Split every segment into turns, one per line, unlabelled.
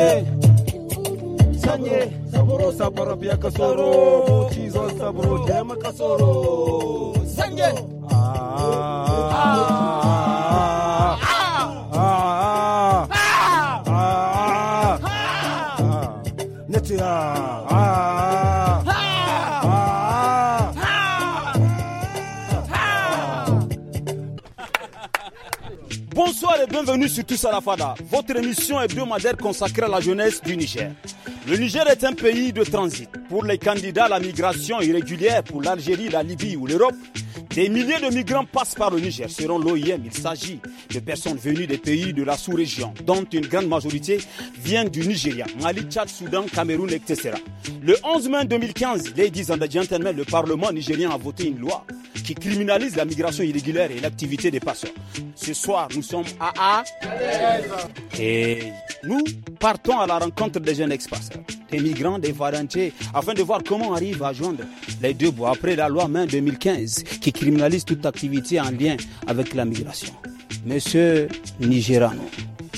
sanye sanye
saburo sabara biya kasoro
chizo saburo
jema kasoro sanye ah
Bienvenue sur Tous à la Fada, votre émission hebdomadaire consacrée à la jeunesse du Niger. Le Niger est un pays de transit. Pour les candidats à la migration irrégulière pour l'Algérie, la Libye ou l'Europe, des milliers de migrants passent par le Niger, selon l'OIM. Il s'agit de personnes venues des pays de la sous-région, dont une grande majorité vient du Nigeria, Mali, Tchad, Soudan, Cameroun, etc. Le 11 mai 2015, ladies and gentlemen, le Parlement nigérien a voté une loi qui criminalise la migration irrégulière et l'activité des passeurs. Ce soir, nous sommes à A. Et nous partons à la rencontre des jeunes ex-passeurs des migrants, des varentiers, afin de voir comment arrive à joindre les deux bouts après la loi main 2015 qui criminalise toute activité en lien avec la migration. Monsieur Nigerano,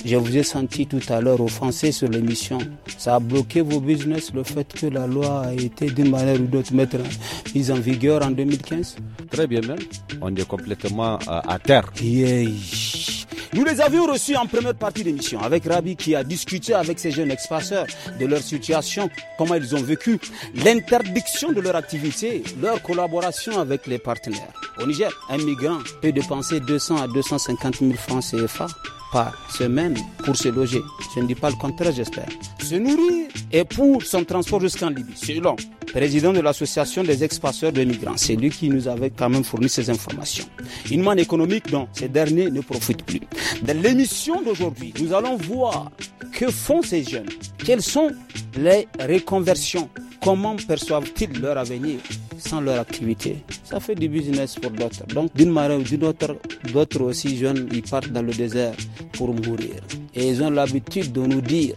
je vous ai senti tout à l'heure offensé sur l'émission. Ça a bloqué vos business, le fait que la loi a été d'une manière ou d'autre mise en vigueur en 2015 Très bien même.
On est complètement euh, à terre. Yeah.
Nous les avions reçus en première partie d'émission avec Rabi qui a discuté avec ces jeunes ex de leur situation, comment ils ont vécu, l'interdiction de leur activité, leur collaboration avec les partenaires. Au Niger, un migrant peut dépenser 200 à 250 000 francs CFA par semaine pour se loger. Je ne dis pas le contraire, j'espère. Se nourrir et pour son transport jusqu'en Libye. C'est long. Président de l'association des ex de migrants, c'est lui qui nous avait quand même fourni ces informations. Une manne économique dont ces derniers ne profitent plus. Dans l'émission d'aujourd'hui, nous allons voir que font ces jeunes, quelles sont les reconversions Comment perçoivent-ils leur avenir sans leur activité Ça fait du business pour d'autres. Donc d'une manière ou d'une autre, d'autres aussi jeunes, ils partent dans le désert pour mourir. Et ils ont l'habitude de nous dire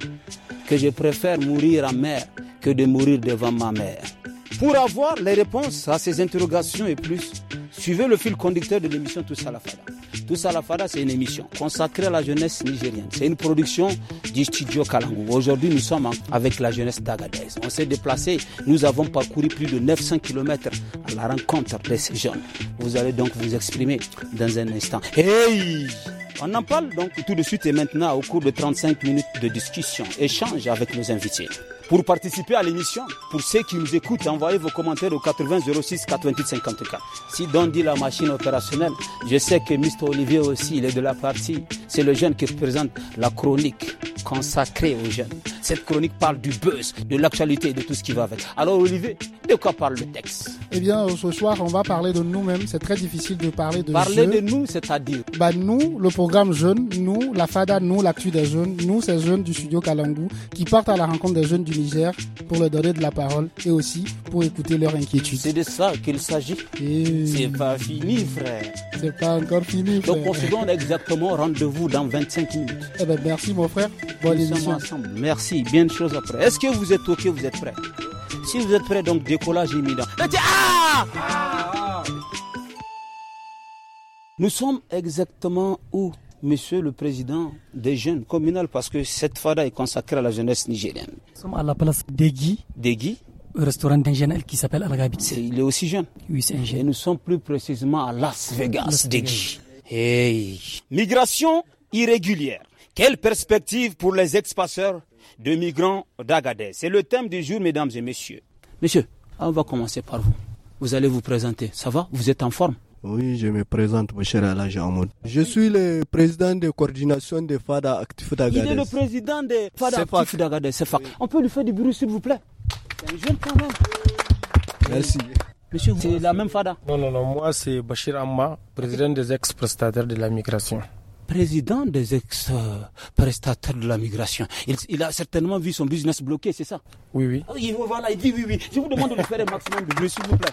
que je préfère mourir à mer que de mourir devant ma mère. Pour avoir les réponses à ces interrogations et plus, Suivez le fil conducteur de l'émission tout à la Fada. Tous à la Fada, c'est une émission consacrée à la jeunesse nigérienne. C'est une production du studio Kalangou. Aujourd'hui, nous sommes avec la jeunesse d'Agadez. On s'est déplacé. Nous avons parcouru plus de 900 km à la rencontre de ces jeunes. Vous allez donc vous exprimer dans un instant. Hey! On en parle donc tout de suite et maintenant au cours de 35 minutes de discussion, échange avec nos invités pour participer à l'émission. Pour ceux qui nous écoutent, envoyez vos commentaires au 80 06 88 54. Si Don dit la machine opérationnelle, je sais que Mr. Olivier aussi, il est de la partie. C'est le jeune qui présente la chronique consacrée aux jeunes. Cette chronique parle du buzz, de l'actualité et de tout ce qui va avec. Alors Olivier, de quoi parle le texte
Eh bien, euh, ce soir, on va parler de nous-mêmes. C'est très difficile de parler de Parler de nous, c'est-à-dire Bah nous, le programme Jeunes, nous, la FADA, nous, l'actu des jeunes, nous, ces jeunes du studio Kalangu qui partent à la rencontre des jeunes du Niger pour leur donner de la parole et aussi pour écouter leurs
inquiétudes. C'est de ça qu'il s'agit. C'est pas fini, frère.
C'est pas encore fini, frère. Donc on se
donne exactement rendez-vous dans 25 minutes.
Eh bien, merci, mon frère. Bonne Nous émission. Ensemble.
Merci bien de choses après. Est-ce que vous êtes OK, vous êtes prêts Si vous êtes prêts, donc décollage immédiat. Ah, ah! Nous sommes exactement où Monsieur le Président des jeunes communales, parce que cette fada est consacrée à la jeunesse nigérienne.
Nous sommes à la place d'Egui. D'Egui restaurant d'un qui s'appelle Il est aussi jeune. Oui, c'est un jeune. Et nous sommes plus précisément à Las Vegas, Degui.
Hey. Migration irrégulière. Quelle perspective pour les ex de migrants d'Agadez. C'est le thème du jour, mesdames et messieurs. Monsieur, on va
commencer par vous. Vous allez vous présenter. Ça va Vous êtes en forme oui, je me présente, mon cher jean Je suis le président de coordination de FADA Actif d'Agadez. Il est le
président de FADA Actif d'Agadez, c'est On peut lui faire du bruit, s'il vous plaît C'est un jeune quand
Merci. Monsieur, c'est la même FADA Non, non, non, moi c'est Bachir Amma, président des ex-prestataires de la migration
président des ex-prestataires de la migration. Il, a certainement vu son business bloqué, c'est ça Oui, oui. Ah voilà, il dit oui, oui. Je vous demande de faire un maximum de bruit, s'il vous plaît.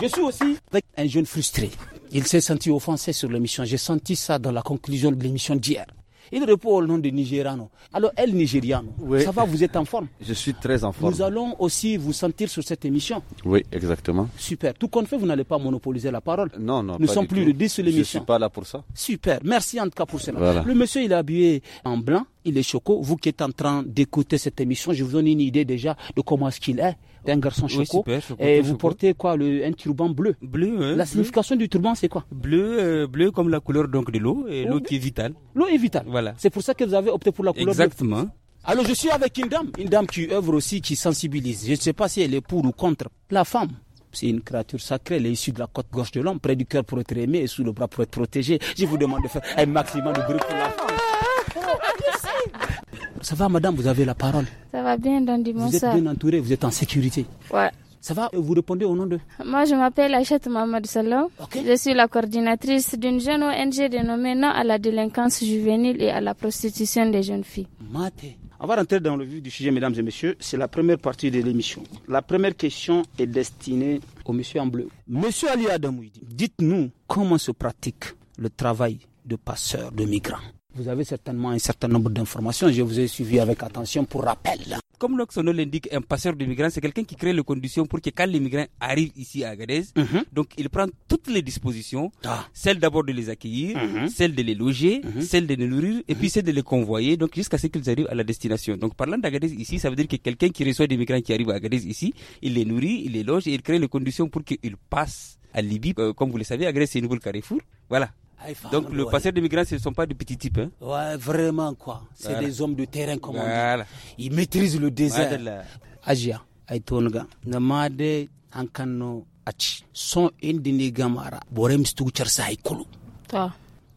Je suis aussi avec un jeune frustré. Il s'est senti offensé sur l'émission. J'ai senti ça dans la conclusion de l'émission d'hier. Il répond au nom de Nigérano. Alors, elle, Nigériano, ça va, vous êtes en forme
Je suis très en forme. Nous
allons aussi vous sentir sur cette émission.
Oui, exactement.
Super. Tout compte fait, vous n'allez pas monopoliser la parole.
Non, non. Nous ne sommes plus le de 10 sur l'émission. Je ne suis pas là pour ça.
Super. Merci en tout cas pour cela. Le monsieur, il est habillé en blanc, il est choco. Vous qui êtes en train d'écouter cette émission, je vous donne une idée déjà de comment est-ce qu'il est. Un garçon choco. et vous portez quoi le, Un turban bleu. Bleu. Hein, la signification du turban, c'est quoi Bleu, euh, bleu comme la couleur donc de l'eau, et oh, l'eau qui est vitale. L'eau est vitale. Voilà. C'est pour ça que vous avez opté pour la couleur. Exactement. Alors je suis avec une dame, une dame qui œuvre aussi, qui sensibilise. Je ne sais pas si elle est pour ou contre la femme c'est une créature sacrée, elle est issue de la côte gauche de l'homme, près du cœur pour être aimé et sous le bras pour être protégée Je vous demande de faire un maximum de bruit pour la femme. Ça va, madame, vous avez la parole.
Ça va bien, ça. Vous êtes bien
entourée, vous êtes en sécurité. Ouais. Ça va Vous répondez au nom de
Moi, je m'appelle Achette Mohamed Salom. Je suis la coordinatrice d'une jeune ONG dénommée Non à la délinquance juvénile et à la prostitution des jeunes filles.
Maté. Avant d'entrer dans le vif du sujet, mesdames et messieurs. C'est la première partie de l'émission. La première question est destinée au monsieur en bleu. Monsieur Ali Adamouidi, dites-nous comment se pratique le travail de passeur de migrants vous avez certainement un certain nombre d'informations. Je vous ai suivi avec attention pour rappel.
Comme son l'indique, un passeur de migrants, c'est quelqu'un qui crée les conditions pour que quand les migrants arrivent ici à Agadez, mhm. donc il prend toutes les dispositions, ah. celle d'abord de les accueillir, mhm. celle de les loger, mhm. celle de les nourrir, et puis celle de les convoyer, donc jusqu'à ce qu'ils arrivent à la destination. Donc parlant d'Agadez ici, ça veut dire que quelqu'un qui reçoit des migrants qui arrivent à Agadez ici, il les nourrit, il les loge et il crée les conditions pour qu'ils passent à Libye. Euh, comme vous le savez, Agadez c'est une nouvelle carrefour. Voilà, ah, Donc le passé des migrants, ce ne sont pas de petits types. Hein?
Ouais, vraiment quoi. C'est des hommes de terrain, comme voilà. on dit. Ils maîtrisent le désert. Voilà. Agia, Aitonga, Namade, Ankano, Achi, sont indignes gamara. Borem stuchar saikulu.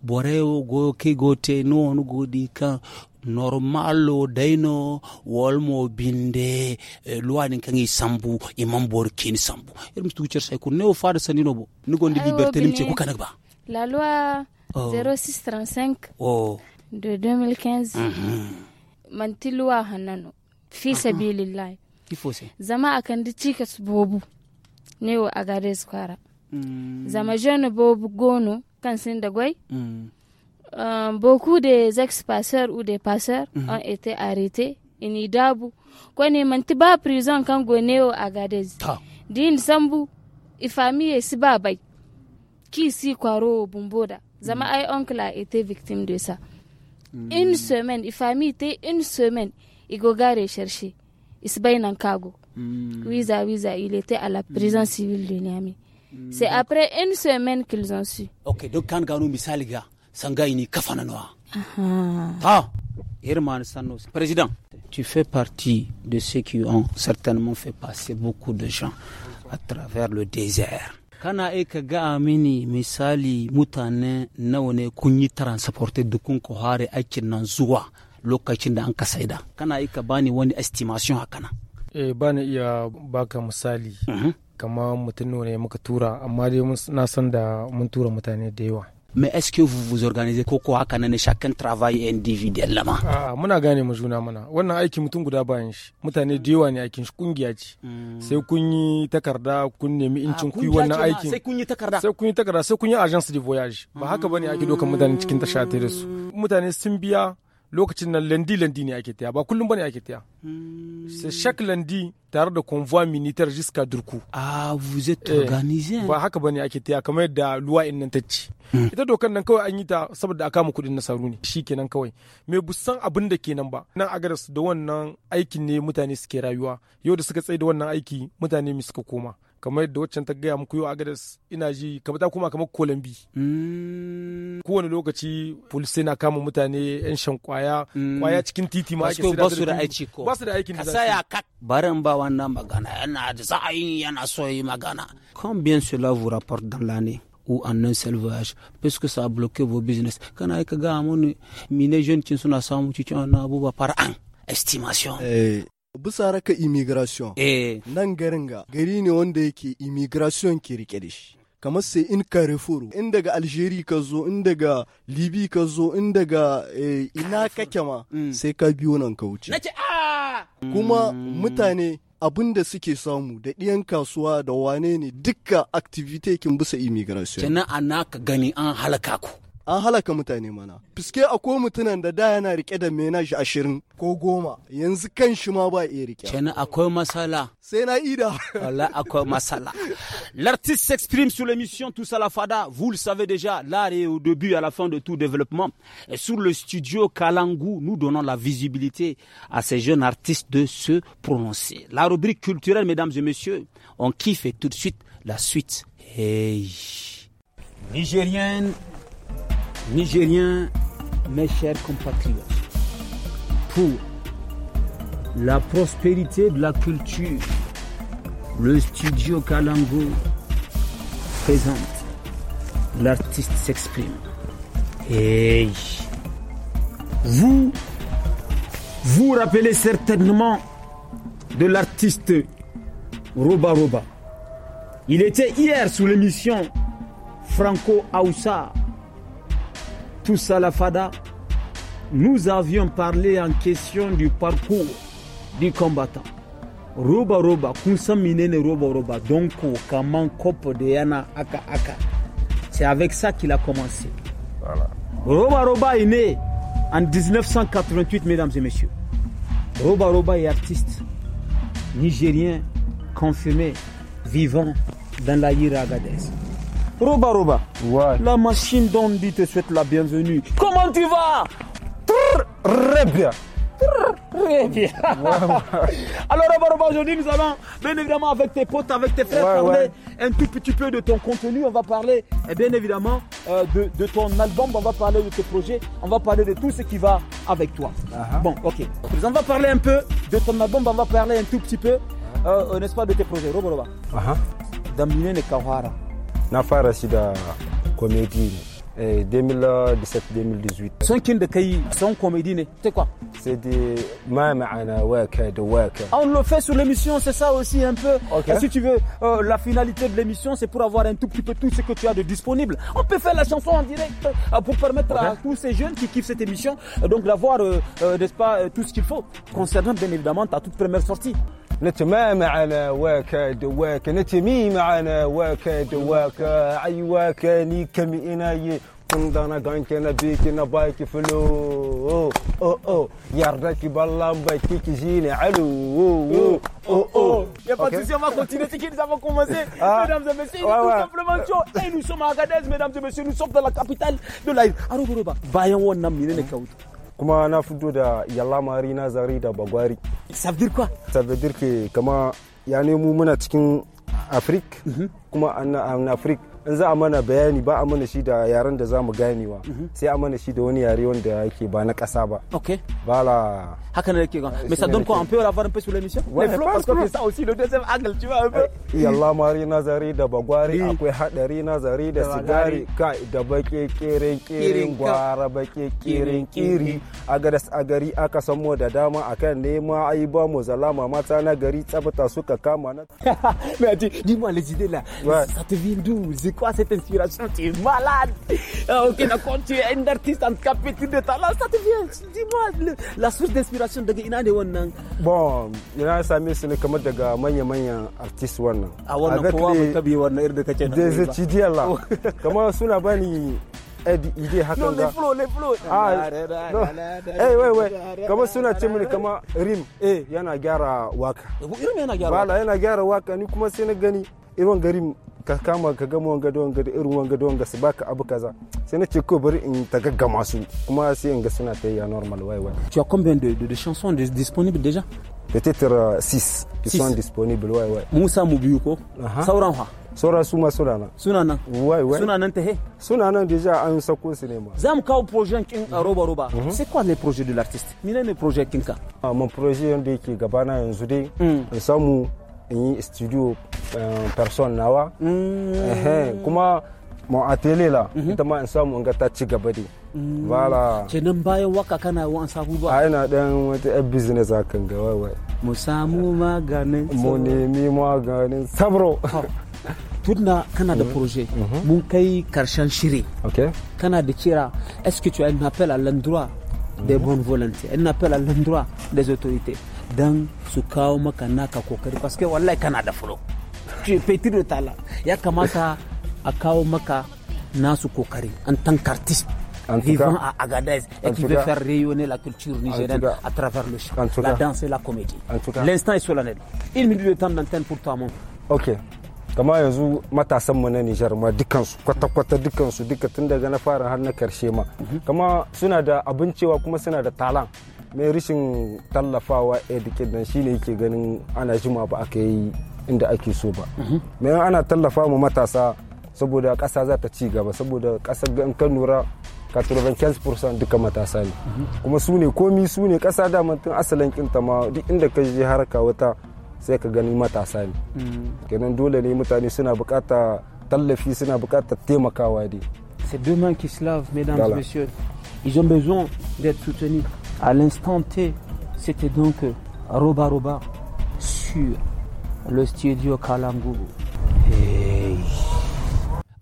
Boreo go kigote no no dikan. normalo daino wolmo binde eh, luwani kangi, sambu imam kin, sambu irim stuchar saikulu ne o fada sanino bo ni liberté nim ce ko kanagba.
La loi 0635 de 2015 mhm. mhm. mm hanano manti luwa hannano zama akan di cikas bobu ne wo a zama jeune bobu gono kan sin da mm. um, beaucoup des ex-passeurs ou des passeurs mhm. ont été arrêtés ini dabu kwani manti ba prison kan gone wo a gare din sambu ifamiye si qui si Kwaro Bumboda. Zama mm. oncle a été victime de ça. Mm. Une semaine, il famille était une semaine. Il gogare chercher. Il se Kago. Mm. Wiza, Wiza, il était à la mm. prison civile de Niamey. Mm. C'est après une semaine qu'ils ont su.
Ok, donc quand Misaliga, Kafananoa. Ah, Irman ah, Sanos. Président, tu fais partie de ceux qui ont certainement fait passer beaucoup de gens à travers le désert. kana e ka ga mini misali mutane nawa ne kun yi transporte dukun ko hare aikin nan zuwa lokacin da an ka saida
kana e ka bani
wani estimation haka nan
eh bani iya baka misali mhm. kama mutum ne muka tura amma dai na san da mun tura mutane da yawa
mais est-ce que vous vous organisez ko ko haka nan chacun travaille individuellement
ah, muna gane mu juna muna wannan aiki mutum guda bayan shi mutane da yawa ne aikin shi kungiya ce hmm. sai kun yi takarda kun nemi incin ku wannan aikin sai kun yi takarda sai kun yi takarda sai kun yi agence de voyage ba haka bane ake dokan mutane cikin tasha da su hmm. mutane sun biya lokacin nan landi landi ne ake taya ba kullum bane ake taya c'est hmm. chaque landi tare da convoi militaire jusqu'à Durku ah vous êtes eh, organisé ba haka bane ake taya kamar yadda luwa in nan tacci hmm. ita dokar nan kawai an yi ta saboda aka mu kudin nasaru ne shikenan kawai me busan abin da kenan ba nan agaras da wannan aikin ne mutane suke rayuwa yau da suka tsaye da wannan aiki mutane mi suka koma kamar yadda waccan ta gaya muku yau agadas ina ji kamar ta koma kamar kolambi mm. kowane lokaci pulse na kama mutane yan shan kwaya mm. kwaya cikin titi ma ake ba su da aiki ko ba su da aikin da saya kak barin ba wannan magana
yana da sa'ayin yana so yi magana combien cela vous rapporte dans l'année ou en un seul voyage parce que ça a bloqué vos business kana ka ga mun mine jeune cin suna samu cikin wannan abubuwa par an
estimation eh, bisa raka immigration eh nan garin ga gari ne wanda yake immigration ke rike da shi kamar sai in carrefour in daga algeria ka zo in daga libi ka zo in daga eh, ina kake ma mm. sai ka biyo nan ka wuce
ah!
kuma mutane abin da suke samu da ɗiyan kasuwa da wane ne dukka activity kin bisa immigration kenan
a naka gani an halaka
ku l'artiste
s'exprime sur l'émission Tout à la fada vous le savez déjà l'art est au début à la fin de tout développement et sur le studio Kalangu nous donnons la visibilité à ces jeunes artistes de se prononcer la rubrique culturelle mesdames et messieurs on kiffe et tout de suite la suite hey nigérienne Nigériens, mes chers compatriotes, pour la prospérité de la culture, le studio Kalango présente l'artiste s'exprime. Et vous, vous rappelez certainement de l'artiste Roba Roba. Il était hier sous l'émission Franco Aoussa tous à la FADA, nous avions parlé en question du parcours du combattant. roba roba kun roba roba donc kaman de de yana aka aka c'est avec ça qu'il a commencé voilà. roba roba est né en 1988 mesdames et messieurs roba roba est artiste nigérien confirmé vivant dans la Yira Roba Roba, la machine d'Andy te souhaite la bienvenue. Comment tu vas Très bien. Très bien. Alors, aujourd'hui, nous allons, bien évidemment, avec tes potes, avec tes frères, parler un tout petit peu de ton contenu. On va parler, et eh bien évidemment, euh, de, de, ton album, on va parler de tes projets, on va parler de tout ce qui va avec toi. Uh-huh. Bon, ok. On va parler un peu de ton album, on va parler un tout petit peu, euh, euh, n'est-ce pas, de tes projets. Roba, Roba. Uh -huh.
Nafara Sida Comédie 2017-2018 Son de son comédie, c'est quoi c'est des ah,
on le fait sur l'émission c'est ça aussi un peu si tu veux euh, la finalité de l'émission c'est pour avoir un tout petit peu tout ce que tu as de disponible on peut faire la chanson en direct euh, pour permettre à tous ces jeunes qui kiffent cette émission euh, donc d'avoir n'est-ce pas tout ce qu'il faut
concernant bien évidemment ta toute première sortie نتما معنا واكا دواكا نتمي معنا واكا دواكا عيواكا نيكم إناي كندانا غانكنا بيكنا بايك فلو او او او يا راكب الله بايك كيجيني علو او او او يا Patricia, on va continuer. C'est qu'ils avons commencé. Ah, mesdames et messieurs, ouais, ouais. tout simplement chaud.
Et nous sommes à Agadez, mesdames et messieurs. Nous sommes dans la capitale
de l'Aïd. Aroboroba, bayan wonnam mine ne kauta. kuma na fito da yalamari na zari da bagwari sabdir kwa sabdir ke kama ya nemo muna cikin afrik mhm. kuma an afrik in za a mana bayani ba a mana shi da yaren da za mu ganewa mhm. sai a mana shi da wani yare wanda yake ba na ƙasa ba ok bala. haka ne yake mais ça donne quoi on peut avoir un peu sur l'émission ouais, les flots parce que ça
aussi le deuxième angle tu vois
eh, yalla mari nazari da bagwari akwai hadari nazari da sigari kai da bake kirin kirin gwara bake kirin kiri agadas agari aka mu da dama akan nema ai ba mu zalama mata na gari tsabta suka kama na
mais dis dis moi les idées là ça quoi cette inspiration Tu es malade Ok, d'accord, tu es un artiste handicapé, tu de talent, ça te vient. Dis-moi, la source d'inspiration daga
ina ne wannan Bon, ina same su ne kamar de manya-manyan artist wannan. A wannan kowa mun tabi wannan irin da kake na. Da zai ci diyalla. Kamar suna bani ide hakan ga. No, le flow, le Eh, wai wai. Kamar suna ce mini kamar rim eh yana gyara waka. waka. waka ni kuma sai na gani irin garin ka kama ka gama wanga da wanga da irin wanga da wanga su baka abu kaza sai na ce ko bari in ta gaggama su kuma sai in ga suna ta yi normal wai wai tu as combien de, de, de chansons disponibles déjà peut-être 6 uh, qui six. sont disponibles ouais ouais Moussa Mubiyu ko uh -huh. sauran fa sauran su ma suna nan suna nan ouais ouais suna nan ta he suna nan déjà an sako su ne ma
zamu kawo projet kin a euh, roba roba
mhm. c'est quoi les projets de l'artiste mine ne projet kin ka ah, mon projet yanda yake gabana yanzu dai hmm. in samu in yi studio Eh, person nawa mm. kuma mu a tele la mhm. ita ma in samu in ga ta ci gaba dai bala mm. kenan bayan waka kana yawan an sabu ba a ina dan wata yan business a kan ga wai mu samu maganin mu nemi maganin sabro tudna kana da mhm. projet mhm. mun kai karshen shiri kana
da kira est-ce que tu as un appel à l'endroit des bonnes volontés un appel à l'endroit des autorités dan su kawo maka naka kokari parce que wallahi kana da flow Petit de talent, tala ya kamata a kawo maka nasu kokari en tant
qu'artiste vivant à
Agadez et qui veut faire rayonner la culture nigérienne à travers le chant, la danse et la comédie. L'instant est solennel. Une minute de temps d'antenne pour toi, mon.
Ok. kama yanzu matasan mu na Nijar ma dukansu kwata-kwata dukansu duka tun daga na fara har na karshe ma mhm. kama suna da abin cewa kuma suna da talan mai rishin tallafawa educate shine yake ganin ana jima ba aka yi inda ake so ba mai mhm. ana tallafa mu matasa saboda ƙasa za ta ci gaba saboda ƙasar ga in ka lura katurban fursan duka matasa ne mhm. kuma su ne komi su ne ƙasa da tun asalin kinta ma duk inda ka je harka wata sai ka gani matasa ne mhm. kenan dole ne mutane suna bukata tallafi suna bukata taimakawa dai c'est demain qui se
lavent, mesdames et messieurs
ils ont besoin d'être soutenus à l'instant T c'était
donc Roba Roba sur le studio Kalangou. Hey.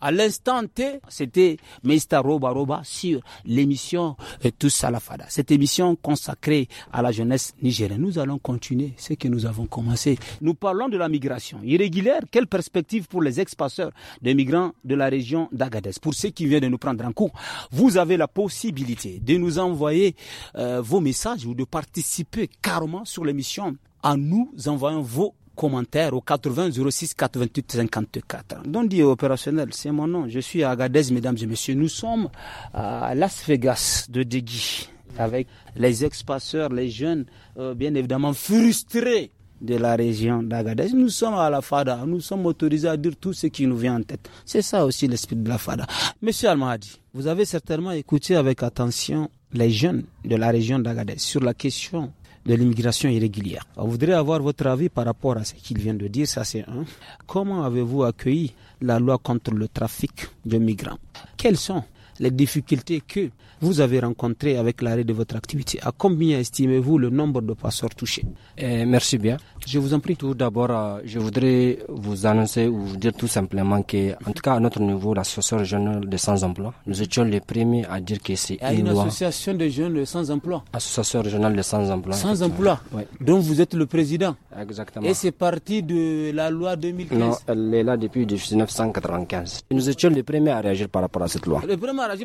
À l'instant T, c'était Mr. Roba Roba sur l'émission euh, Tous Salafada. Cette émission consacrée à la jeunesse nigérienne. Nous allons continuer ce que nous avons commencé. Nous parlons de la migration irrégulière. Quelle perspective pour les expasseurs des migrants de la région d'Agadez Pour ceux qui viennent de nous prendre en cours, vous avez la possibilité de nous envoyer euh, vos messages ou de participer carrément sur l'émission en nous envoyant vos commentaire au 80 06 88 54. Donc dit opérationnel, c'est mon nom. Je suis à Agadez, mesdames et messieurs. Nous sommes à Las Vegas de Degui avec les ex les jeunes, euh, bien évidemment frustrés de la région d'Agadez. Nous sommes à la FADA, nous sommes autorisés à dire tout ce qui nous vient en tête. C'est ça aussi l'esprit de la FADA. Monsieur Almahadi, vous avez certainement écouté avec attention les jeunes de la région d'Agadez sur la question de l'immigration irrégulière. On voudrait avoir votre avis par rapport à ce qu'il vient de dire, ça c'est un. Comment avez-vous accueilli la loi contre le trafic de migrants Quels sont les difficultés que vous avez rencontrées avec l'arrêt de votre activité. À combien estimez-vous le nombre de
passeurs touchés eh, Merci bien. Je vous en prie. Tout d'abord, euh, je voudrais vous annoncer ou vous dire tout simplement que, en tout cas à notre niveau, l'association régionale de sans-emploi, nous étions les premiers à dire que c'est une, une
association de jeunes sans-emploi.
Association régionale de sans-emploi. Sans-emploi, Donc vous êtes le président.
Exactement. Et c'est parti de la loi 2015. Non,
elle est là depuis 1995. Nous étions les premiers à réagir par rapport à cette loi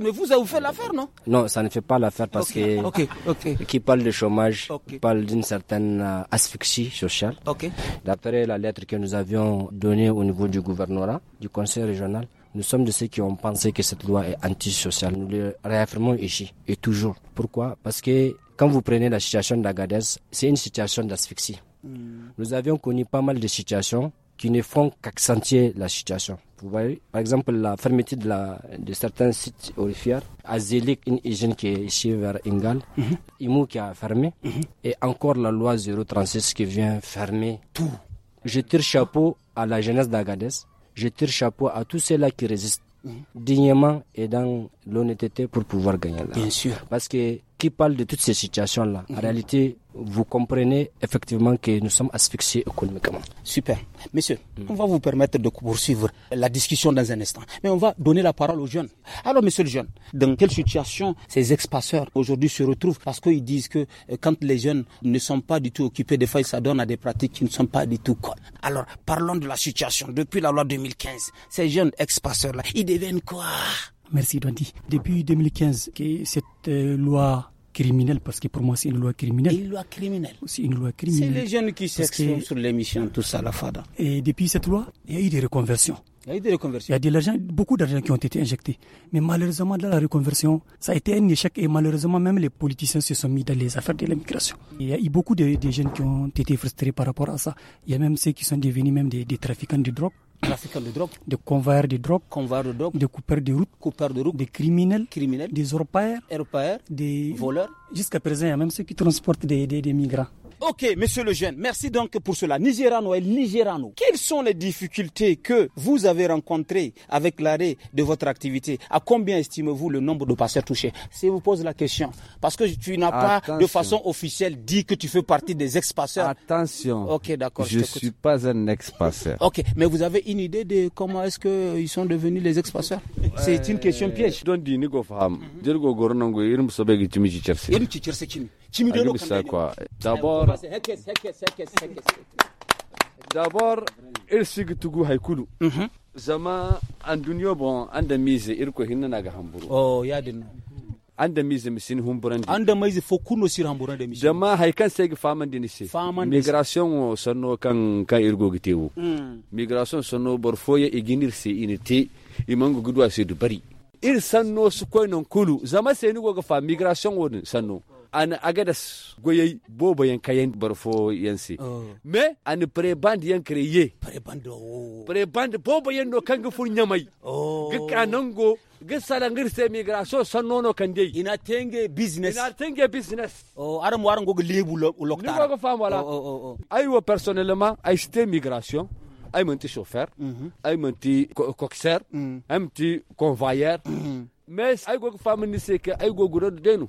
mais vous, avez fait l'affaire, non
Non, ça ne fait pas l'affaire parce que qui parle de chômage parle d'une certaine euh, asphyxie sociale. D'après la lettre que nous avions donnée au niveau du gouvernorat, du conseil régional, nous sommes de ceux qui ont pensé que cette loi est antisociale. Nous le réaffirmons ici et toujours. Pourquoi Parce que quand vous prenez la situation d'Agadez, c'est une situation d'asphyxie. Hmm. Nous avions connu pas mal de situations qui ne font qu'accentuer la situation. Vous voyez, par exemple, la fermeture de, certains sites aurifères, à une hygiène qui est ici vers Ingal, mhm. Imou qui a fermé, mhm. et encore la loi 036 qui vient fermer tout. Je tire chapeau à la jeunesse d'Agadez, je tire chapeau à tous ceux-là qui résistent mhm. dignement et dans l'honnêteté pour pouvoir gagner là. Bien sûr. Parce que qui parle de toutes ces situations-là, en réalité, vous comprenez effectivement que nous sommes asphyxiés économiquement. Super. Monsieur, on va vous permettre
de poursuivre la discussion dans un instant. Mais on va donner la parole aux jeunes. Alors, monsieur le jeune, dans quelle situation ces ex-passeurs aujourd'hui se retrouvent Parce qu'ils disent que euh, quand les jeunes ne sont pas du tout occupés, des fois, ils s'adonnent à des pratiques qui ne sont pas du tout Alors, parlons de la situation. Depuis la loi 2015, ces jeunes ex-passeurs-là, ils deviennent quoi
Merci, Dandy. Depuis 2015, que cette euh, loi criminelle parce que pour moi c'est une loi criminelle. Une loi criminelle. C'est une loi criminelle. C'est les jeunes qui s'expriment sur l'émission tout ça la fada. Et depuis cette loi, il y a eu des reconversions. Il y a eu des reconversions. Il y a de beaucoup d'argent qui ont été injectés. Mais malheureusement, dans la reconversion, ça a été un échec et malheureusement, même les politiciens se sont mis dans les affaires de l'immigration. Il y a eu beaucoup de, jeunes qui ont été frustrés par rapport à ça. Il y a même ceux qui sont devenus même des, des trafiquants de drogue trafiquants de drogue, des convoyeurs de drogue, de drogue, des coupeurs de route, de route, des criminels, criminels, des orpailleurs, des voleurs. Jusqu'à présent, il y a même ceux qui transportent des, des migrants.
Ok, monsieur le jeune, merci donc pour cela. Nigerano et Nigerano, quelles sont les difficultés que vous avez rencontrées avec l'arrêt de votre activité À combien estimez-vous le nombre de passeurs touchés Si vous pose la question, parce que tu n'as pas de façon officielle dit que tu fais
partie des ex-passeurs. Attention. Ok, d'accord. Je ne suis pas un ex-passeur.
Ok, mais vous avez une idée de comment est-ce qu'ils sont devenus les ex-passeurs C'est une question piège.
kan Ayubu Sakwa. D'abord, d'abord, irsig tugu haikulu. Mhm. Zama an duniyo bon an da mize irko hinna na ga hamburu. Oh, ya dinna. an da mizi misin humburan an da maizi fo kuno sir humburan da misin jama hay kan segi faman dini se faman migration o sonno kan ka irgo gitewu mm. migration sonno bor foye iginir se inite imango gudwa se du bari ir sanno su koy non kulu zama se ni go ga fa migration wodin sanno an agadas goyey bobo kayen barfo y oh. me an preband créé kreye preband oh. preband bobo des no kanga fur nyamai oh. Il nango migration son nono kan dey ina tenge business ina tenge business oh aram waran go lebu lokta ni fam wala oh, oh, oh, oh. personnellement ay cité migration ay menti chauffeur mhm. ay menti coxer mhm. ay menti convoyeur mais mhm. ay gogo fam ni ke ay do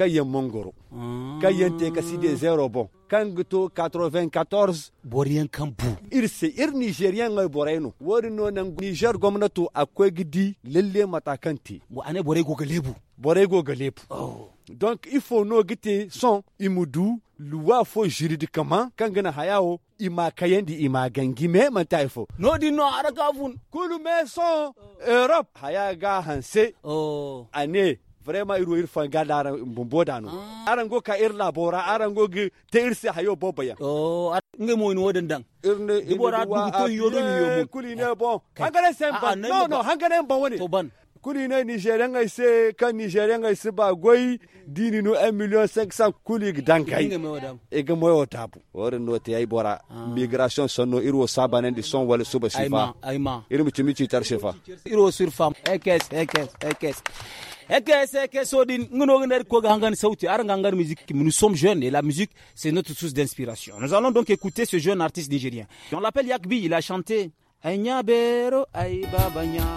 kayen mongoro kayen te kasi de zero bon kangato 94 borien kan bu irse ir nigerian ngai boreno no wori no nan niger gwamnati akwai gidi lalle matakanti mu ane borai go galebu borai go galebu oh. donc il faut no gite son imudu loi fo juridiquement kangena hayao, ima kayendi ima gangi me manta ifo no di no araka fun kulu me son europe haya ga hanse oh ane vraiment ir ir fangala aran bombodano ah. aran go ka ir labora aran go gi te ir se hayo bobaya oh nge mo ino wodan dan irne ibora du to yodo ni yobo kuli ne bon hangare semba no no hangare ban wani to ban kuli ne nigerian ai se kan nigeria ai se ba goi dini no 1 million 500 kuli gidan e ga moyo tabu wore no te ai bora ah. migration sonno iro sabanen di son wala suba sifa iro mi timi tar sifa
iro surfa ekes ekes ekes ekes ekes odin ngono ngner ko gangan sauti ar gangan musique nous sommes jeunes et la musique c'est notre source d'inspiration nous allons donc écouter ce jeune artiste nigérien on l'appelle Yakbi il a chanté Aïna Bero baba nya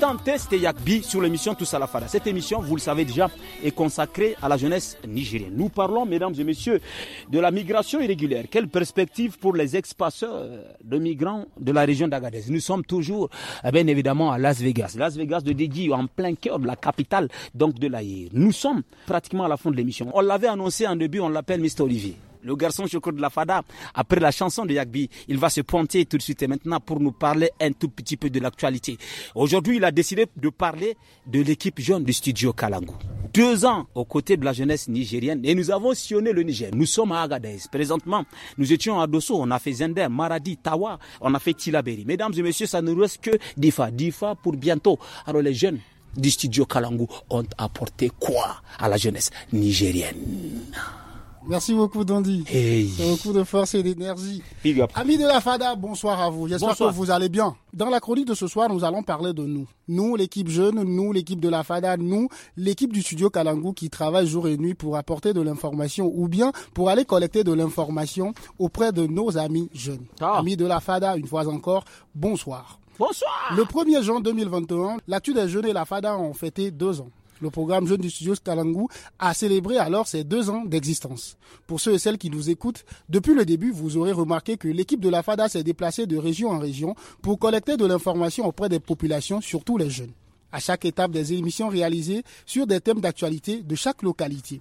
Tant c'était Yakbi sur l'émission Tout à Fada. Cette émission, vous le savez déjà, est consacrée à la jeunesse nigérienne. Nous parlons, mesdames et messieurs, de la migration irrégulière. Quelle perspective pour les ex-passeurs euh, de migrants de la région d'Agadez Nous sommes toujours, euh, bien évidemment, à Las Vegas. Las Vegas de Didi, en plein cœur de la capitale, donc de l'Aïr. Nous sommes pratiquement à la fin de l'émission. On l'avait annoncé en début, on l'appelle Mr. Olivier le garçon choco de la Fada, après la chanson de Yagbi, il va se pointer tout de suite et maintenant pour nous parler un tout petit peu de l'actualité. Aujourd'hui, il a décidé de parler de l'équipe jeune du studio Kalangu. Deux ans aux côtés de la jeunesse nigérienne et nous avons sillonné le Niger. Nous sommes à Agadez. Présentement, nous étions à Dosso, on a fait Zender, Maradi, Tawa, on a fait Tilaberi. Mesdames et messieurs, ça ne reste que Difa. Difa pour bientôt. Alors les jeunes du studio Kalangu ont apporté quoi à la jeunesse nigérienne
Merci beaucoup, Dandy. Beaucoup de force et d'énergie. Amis de la FADA, bonsoir à vous. J'espère que vous allez bien. Dans la chronique de ce soir, nous allons parler de nous. Nous, l'équipe jeune, nous, l'équipe de la FADA, nous, l'équipe du studio Kalangu qui travaille jour et nuit pour apporter de l'information ou bien pour aller collecter de l'information auprès de nos amis jeunes. Ah. Amis de la FADA, une fois encore, bonsoir. Bonsoir. Le 1er juin 2021, l'actu des jeunes et la FADA ont fêté deux ans le programme Jeunes du studio Stalangou a célébré alors ses deux ans d'existence. Pour ceux et celles qui nous écoutent, depuis le début, vous aurez remarqué que l'équipe de la FADA s'est déplacée de région en région pour collecter de l'information auprès des populations, surtout les jeunes. À chaque étape des émissions réalisées sur des thèmes d'actualité de chaque localité.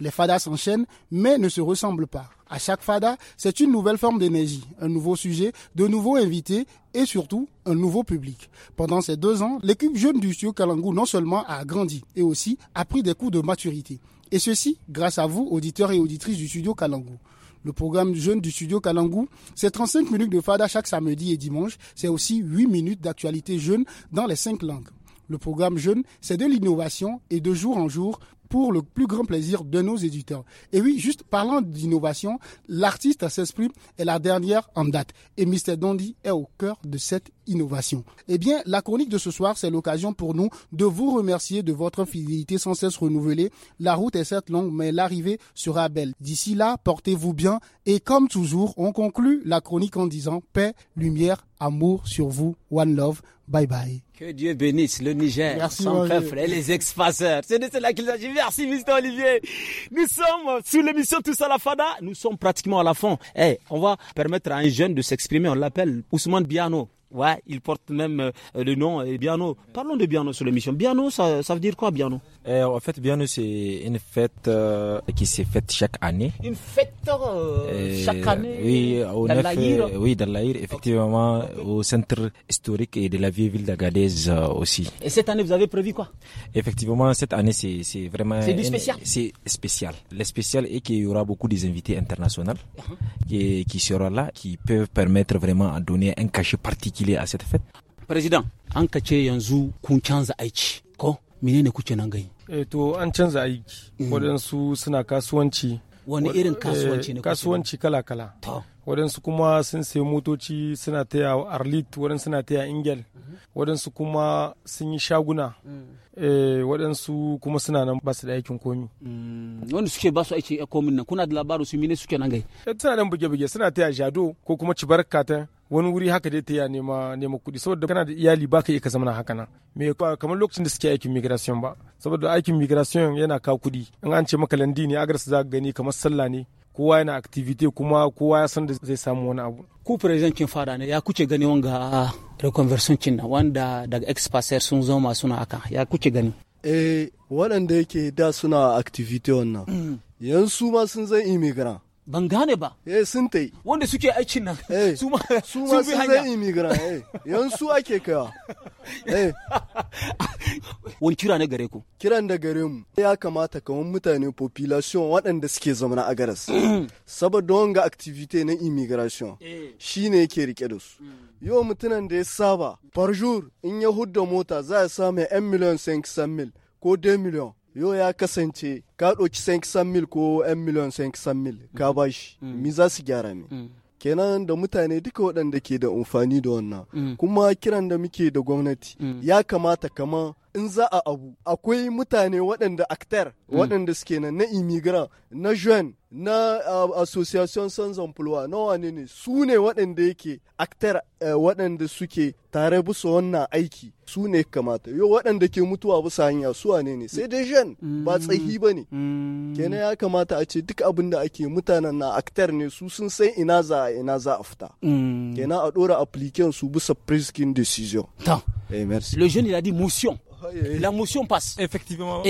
Les FADAS s'enchaînent, mais ne se ressemblent pas. À chaque fada, c'est une nouvelle forme d'énergie, un nouveau sujet, de nouveaux invités et surtout un nouveau public. Pendant ces deux ans, l'équipe jeune du studio Kalangou non seulement a grandi et aussi a pris des coups de maturité. Et ceci grâce à vous, auditeurs et auditrices du studio Kalangou. Le programme jeune du studio Kalangou, c'est 35 minutes de fada chaque samedi et dimanche. C'est aussi 8 minutes d'actualité jeune dans les 5 langues. Le programme jeune, c'est de l'innovation et de jour en jour, pour le plus grand plaisir de nos éditeurs. Et oui, juste parlant d'innovation, l'artiste à s'exprime est la dernière en date. Et Mr. Dandy est au cœur de cette innovation. Eh bien, la chronique de ce soir, c'est l'occasion pour nous de vous remercier de votre fidélité sans cesse renouvelée. La route est certes longue, mais l'arrivée sera belle. D'ici là, portez-vous bien. Et comme toujours, on conclut la chronique en disant paix, lumière, amour sur vous. One love. Bye bye.
Que Dieu bénisse le Niger, son peuple et les expasseurs. C'est de cela qu'il s'agit. Merci, Mr. Olivier. Nous sommes sur l'émission Tous à la Fada. Nous sommes pratiquement à la fin. Eh, on va permettre à un jeune de s'exprimer. On l'appelle Ousmane Biano. Ouais, il porte même euh, le nom euh, Biano. Parlons de Biano sur l'émission. Biano, ça veut dire quoi, Biano
euh, en fait, bien c'est une fête euh, qui s'est faite chaque année.
Une fête euh, chaque année Oui, dans 9, oui, dans l'Aïr, effectivement, au centre historique et de la vieille ville d'Agadez aussi. Et cette année, vous avez prévu quoi Effectivement, cette année, c'est vraiment... C'est du spécial C'est spécial. Le spécial est qu'il y aura beaucoup des invités internationaux uh-huh. qui, seront là, qui peuvent permettre vraiment à donner un
cachet particulier à cette fête.
Président, an yanzu kun ko menene
e, to an canza aiki mm. waɗansu suna kasuwanci wani irin eh, kasuwanci ne kasuwanci kala-kala waɗansu kuma sun sayi motoci suna taya arlit waɗansu suna taya ingel mm-hmm. waɗansu kuma sun yi shaguna mm. eh, waɗansu kuma suna nan ba su da aikin komi mm. wani suke ba su aiki komin nan kuna da labaru su mine suke nan gai suna nan buge-buge suna taya jado ko kuma cibar katan wani wuri haka dai ta ya nema nema kuɗi saboda kana da iyali ba ka iya ka zamana haka nan me kamar lokacin da suke aikin migration ba saboda aikin migration yana ka kuɗi in an ce maka landi ne agars za ka gani kamar sallah ne kowa yana activity kuma kowa ya san da zai samu wani abu ku president kin fara ne ya kuke gani wanga
reconversion kin wanda daga expasser sun zama suna haka ya kuke gani
eh waɗanda yake da suna activity wannan mm. su ma sun zan immigrant ban gane ba eh sun ta yi wanda suke aikin nan eh, su ma sun bi hanya immigrant eh yanzu ake kaiwa eh. wani kira ne gare ku kiran da gare mu ya kamata kamar mutane population waɗanda suke zamana a garas mm. saboda wanga activity na immigration eh. shine yake rike da su mm. yau mutunan da ya saba farjur in ya hudda mota za a samu 'yan miliyan 500 mil ko 2 miliyan yau ya kasance ka ɗauki san mil ko 'yan miliyan san mil ka mm. bashi mi mm. za su gyara mi mm. kenan da mutane duka waɗanda ke da amfani da wannan kuma kiran da muke da gwamnati ya kamata kama in za a abu akwai mutane waɗanda actor hmm. waɗanda suke nan na immigrant na juan na uh, association sans emploi na wane ne su ne waɗanda yake actor uh, waɗanda suke tare bisa wannan aiki su ne kamata yau waɗanda ke mutuwa bisa hanya su wane ne sai dai juan ba hmm. tsahi ba ne hmm. kenan ya kamata a ce duk abin da ake mutanen na actor ne su sun san ina za a ina za a fita kenan a ɗora application su bisa priskin decision. Hey, eh, merci. Le jeune il a dit motion. la motion
passe. Effectivement,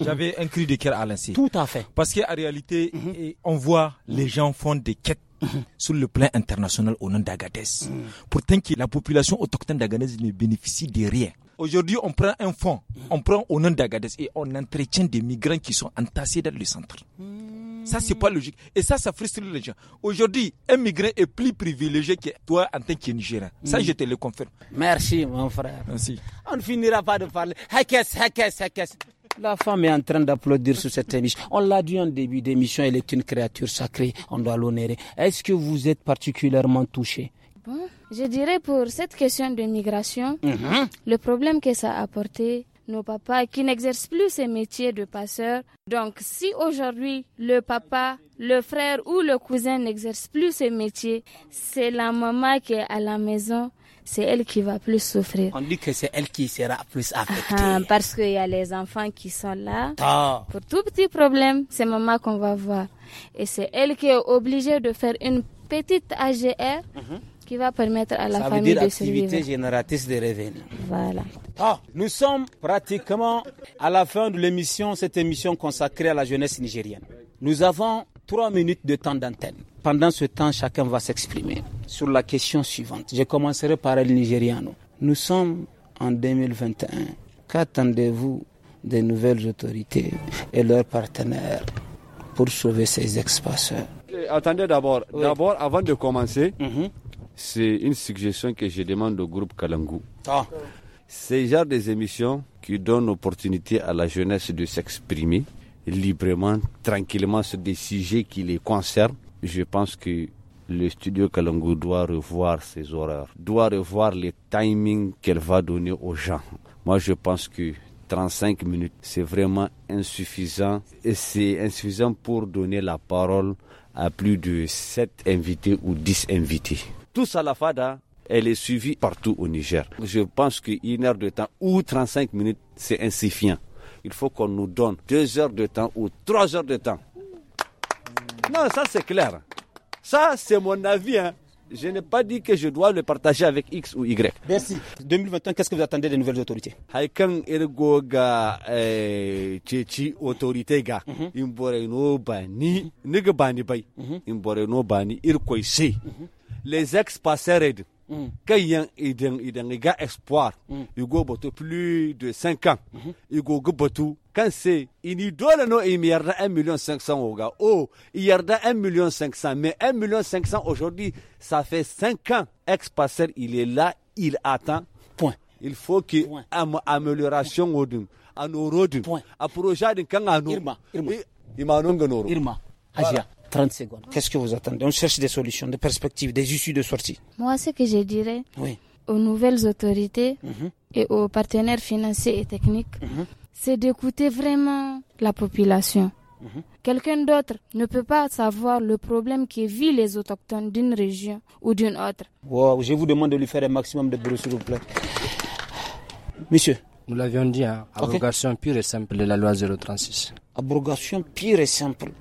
j'avais un cri de cœur à lancer. Tout à fait. Parce qu'en réalité, mhm. on voit les gens font des quêtes mhm. sur le plan international au nom d'Agadez. Mhm. Pourtant que la population autochtone d'Agadez ne bénéficie de rien. Aujourd'hui, on prend un fonds, on prend au nom d'Agadez et on entretient des migrants qui sont entassés dans le centre. Ça, c'est pas logique. Et ça, ça frustre les gens. Aujourd'hui, un migrant est plus privilégié que toi en tant que Ça, je te le confirme. Merci, mon frère. Merci. On ne finira pas de parler. La femme est en train d'applaudir sur cette émission. On l'a dit en début d'émission, elle est une créature sacrée, on doit l'honorer. Est-ce que vous êtes particulièrement touché
bon, Je dirais pour cette question de migration, mhm. le problème que ça a apporté nos papas qui n'exercent plus ces métiers de passeur. Donc si aujourd'hui le papa, le frère ou le cousin n'exerce plus ces métiers, c'est la maman qui est à la maison c'est elle qui va plus souffrir.
On dit que c'est elle qui sera plus ah, affectée.
Ah, parce qu'il y a les enfants qui sont là. Pour tout petit problème, c'est maman qu'on va voir. Et c'est elle qui est obligée de faire une petite AGR. Mhm qui va permettre à la famille veut dire de activité
génératrice de revenus. Voilà. Ah, nous sommes pratiquement à la fin de l'émission, cette émission consacrée à la jeunesse nigérienne. Nous avons trois minutes de temps d'antenne. Pendant ce temps, chacun va s'exprimer sur la question suivante. Je commencerai par le nigériano. Nous sommes en 2021. Qu'attendez-vous des nouvelles autorités et leurs partenaires pour sauver ces espaces
Attendez d'abord. D'abord, avant de commencer, mhm. C'est une suggestion que je demande au groupe Kalangu. Ah. C'est C'est genre des émissions qui donnent l'opportunité à la jeunesse de s'exprimer librement, tranquillement sur des sujets qui les concernent. Je pense que le studio Kalangu doit revoir ses horaires, doit revoir les timings qu'elle va donner aux gens. Moi, je pense que 35 minutes, c'est vraiment insuffisant et c'est insuffisant pour donner la parole à plus de 7 invités ou 10 invités. Tout à la FADA, elle est suivie partout au Niger. Je pense qu'une heure de temps ou 35 minutes, c'est insuffisant. Il faut qu'on nous donne deux heures de temps ou trois heures de temps. Non, ça c'est clair. Ça, c'est mon avis. Hein. Je n'ai pas dit que je dois le partager avec X ou Y. Merci. 2021, qu'est-ce que vous attendez des nouvelles autorités eh, tchéchi autorité ga. Mhm. bani, bay. bani, les ex passeurs mm. quand ils ont gars espoir, mm. ils plus de 5 ans, ils ont Quand c'est, ils il 1 million 500 au gars. Oh, 1 million 500, mais 1 million 500 aujourd'hui, ça fait 5 ans. Ex-passer, il est là, il attend. Point. Il faut qu'il une amélioration au dun, à nos à projet Irma, Irma. Irma,
30 secondes. Qu'est-ce que vous attendez On cherche des solutions, des perspectives, des issues de sortie.
Moi, ce que je dirais aux nouvelles autorités mhm. et aux partenaires financiers et techniques, mhm. c'est d'écouter vraiment la population. Mhm. Quelqu'un d'autre ne peut pas savoir le problème qui vit les autochtones d'une région ou d'une autre.
je vous demande de lui faire un maximum de bruit, s'il vous plaît.
Monsieur. Nous l'avions dit, hein, abrogation pure et simple de la loi 036
abrogation pure et simple.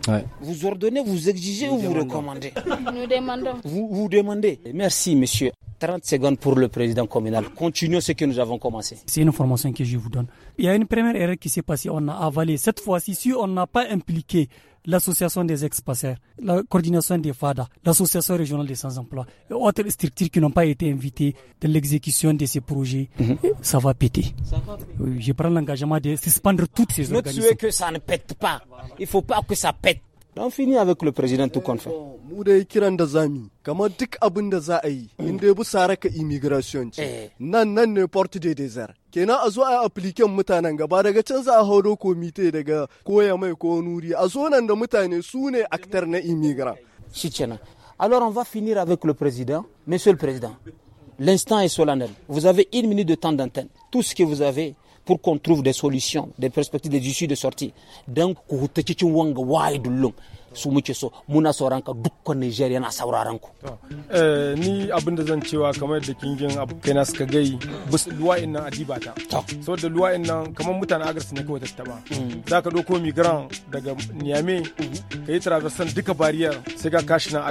Vous ordonnez, vous
exigez ou vous recommandez
Nous demandons. Vous, vous demandez. Merci, monsieur. 30 secondes pour le président communal. Continuons ce que nous avons commencé.
C'est une information que je vous donne. Il y a une première erreur qui s'est passée. On a avalé. Cette fois-ci, si on n'a pas impliqué l'association des ex-passeurs, la coordination des FADA, l'association régionale des sans-emploi et autres structures qui n'ont pas été invitées de l'exécution de ces projets, mhm. euh, ça va péter. je prends l'engagement de
suspendre toutes ces Notre Ne Notre
que ça ne pète pas. Il faut pas que ça pète.
On finit avec le président tout compte eh. porte désert kenan a zo a apliken mutanen gaba daga can za a hauro komite daga koya mai ko nuri a zo nan da mutane su ne aktar na immigrant shi kenan alors on va finir avec le président monsieur le président
l'instant est solennel vous avez une minute de temps d'antenne tout ce que vous avez pour qu'on trouve des solutions des perspectives des issues de sortie donc ku cikin wanga wai dullum su muke so muna sauran ka dukkan Niger yana sauraron
ku eh, ni abin da zan cewa kamar da abu kai na suka gai bus luwa'in nan adiba ta saboda luwa'in nan kamar mutanen agar ne kawai tattaba hmm. za ka ɗauko migran daga niamey mhm. ka yi traversan duka bariyar sai ka kashi nan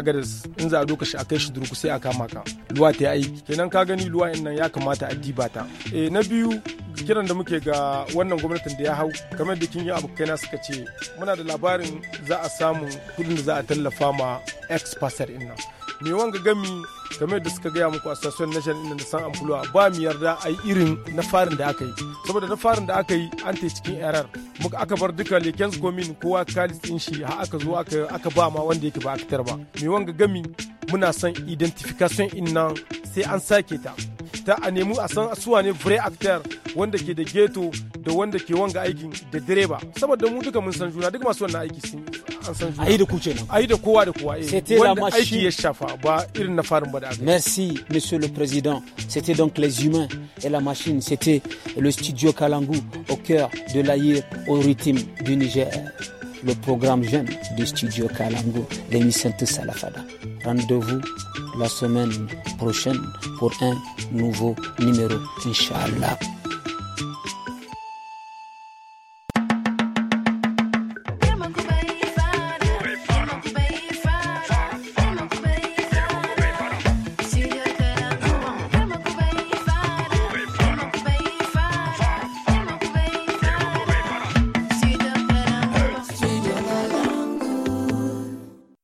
in za a doka shi a kai shi durku sai a kama ka luwa ta yi aiki kenan ka gani luwa'in nan ya kamata adiba ta eh, na biyu kiran da muke ga wannan gwamnatin da ya hau kamar da kin yi na suka ce muna da labarin za a samu kudin da za a tallafa ma ex passer din me wanga gami game da suka gaya muku association nation inda da san amfuluwa ba mu yarda a yi irin na farin da aka yi saboda na farin da aka yi an ta cikin error muka aka bar duka leken komin kowa kalis din shi har aka zo aka ba ma wanda yake ba aka ba me wanga gami muna son identification in nan sai an sake ta ta a nemi a san asuwa ne vrai acteur wanda ke da ghetto da wanda ke wanga aikin da direba saboda mu duka mun san juna duk masu wannan aiki sun merci monsieur le président
c'était donc les humains et la machine c'était le studio Kalangu au cœur de l'Aïr au rythme du Niger le programme jeune du studio Kalangu l'émission Salafada. Salafada rendez-vous la semaine prochaine pour un nouveau numéro Inch'Allah